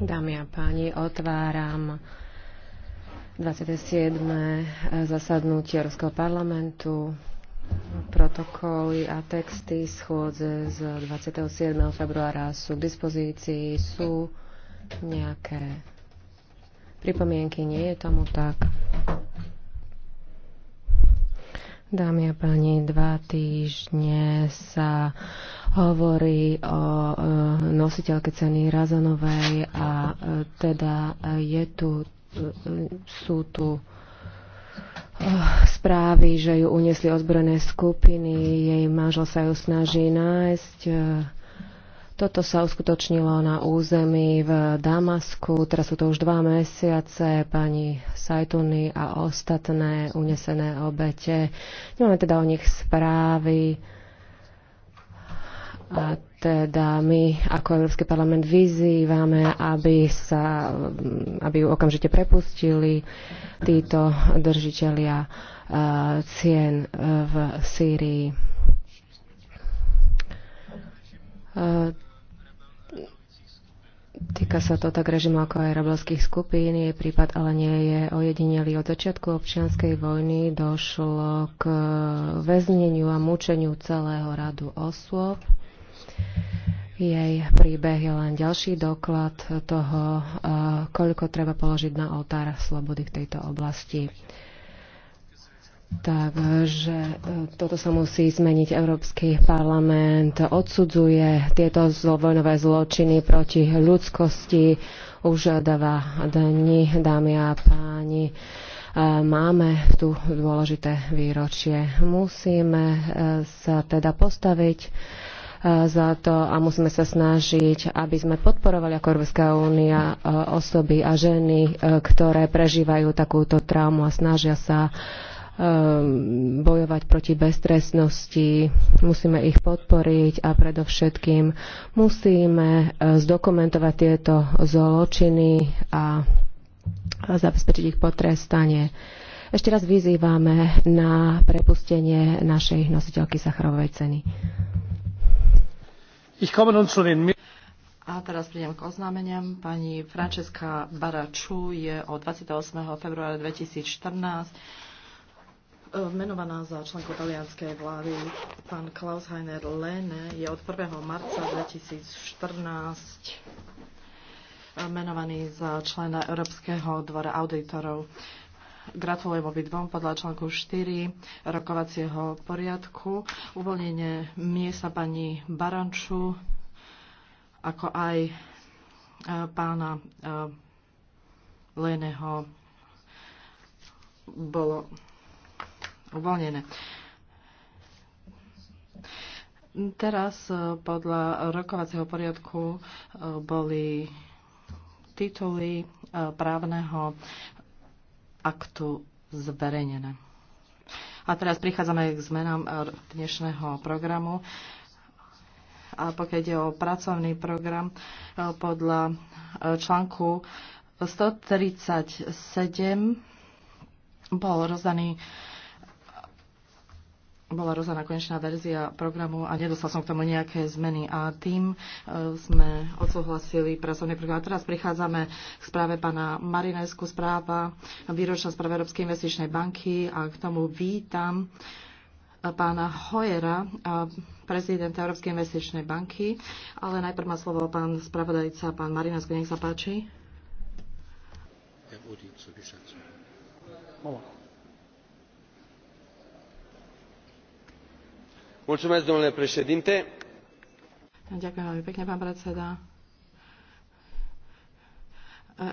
dámy a páni otváram seven eh, zasadnutie Európskeho parlamentu protokoly a texty schôdze z 27. februára sú k dispozícii sú nejaké pripomienky nie je tomu tak Dámy a páni, dva týždne sa hovorí o e, nositeľke ceny Razanovej a e, teda e, je tu, sú tu správy, že ju uniesli ozbrojené skupiny, jej manžel sa ju snaží nájsť. Toto sa uskutočnilo na území v Damasku, teraz sú to už dva mesiace, pani Sajtuny a ostatné unesené obete. Nemáme teda o nich správy. A teda my ako Európsky parlament vyzývame, aby, sa, aby ju okamžite prepustili títo držiteľia e, cien e, v Sýrii. E, týka sa to tak režimu ako aj rebelských skupín. Jej prípad ale nie je ojedinelý. Od začiatku občianskej vojny došlo k väzneniu a mučeniu celého radu osôb. Jej príbeh je len ďalší doklad toho, eh, koľko treba položiť na oltár slobody v tejto oblasti. Takže eh, toto sa musí zmeniť. Európsky parlament odsudzuje tieto vojnové zločiny proti ľudskosti už dva dni, dámy a páni. Eh, máme tu dôležité výročie. Musíme sa teda postaviť za to a musíme sa snažiť, aby sme podporovali ako Európska únia e, osoby a ženy, e, ktoré prežívajú takúto traumu a snažia sa e, bojovať proti beztrestnosti, musíme ich podporiť a predovšetkým musíme zdokumentovať tieto zločiny a zabezpečiť ich potrestanie. Ešte raz vyzývame na prepustenie našej nositeľky Sacharovej ceny. A teraz prídem k oznámeniam. Pani Francesca Baraču je od 28. februára 2014 e, menovaná za členku talianskej vlády. Pán Klaus Heiner Lene je od 1. marca 2014 e, menovaný za člena Európskeho dvora auditorov. Gratulujem obidvom podľa článku 4 rokovacieho poriadku. Uvoľnenie miesta pani Baranču, ako aj e, pána e, Leného bolo uvoľnené. Teraz e, podľa rokovacieho poriadku boli tituly právneho aktu zverejnené. A teraz prichádzame k zmenám e, dnešného programu. A pokiaľ ide o pracovný program, e, podľa e, článku 137 bol rozdaný bola rozdaná konečná verzia programu a nedostal som k tomu nejaké zmeny. A tým e, sme odsúhlasili pracovný program. A teraz prichádzame k správe pána Marinesku, správa výročná správa Európskej investičnej banky a k tomu vítam e, pána Hojera, e, prezidenta Európskej investičnej banky. Ale najprv má slovo pán spravodajca, pán Marinesku, nech sa páči. Ja, domnule președinte ďakujem veľmi pekne predseda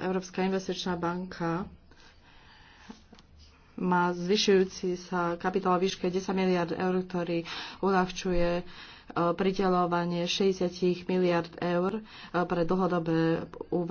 európska investičná banka má zvyšujúci sa kapitál výške 10 miliard eur, ktorý uľahčuje e, prideľovanie 60 miliard eur e, pre dlhodobé úvery.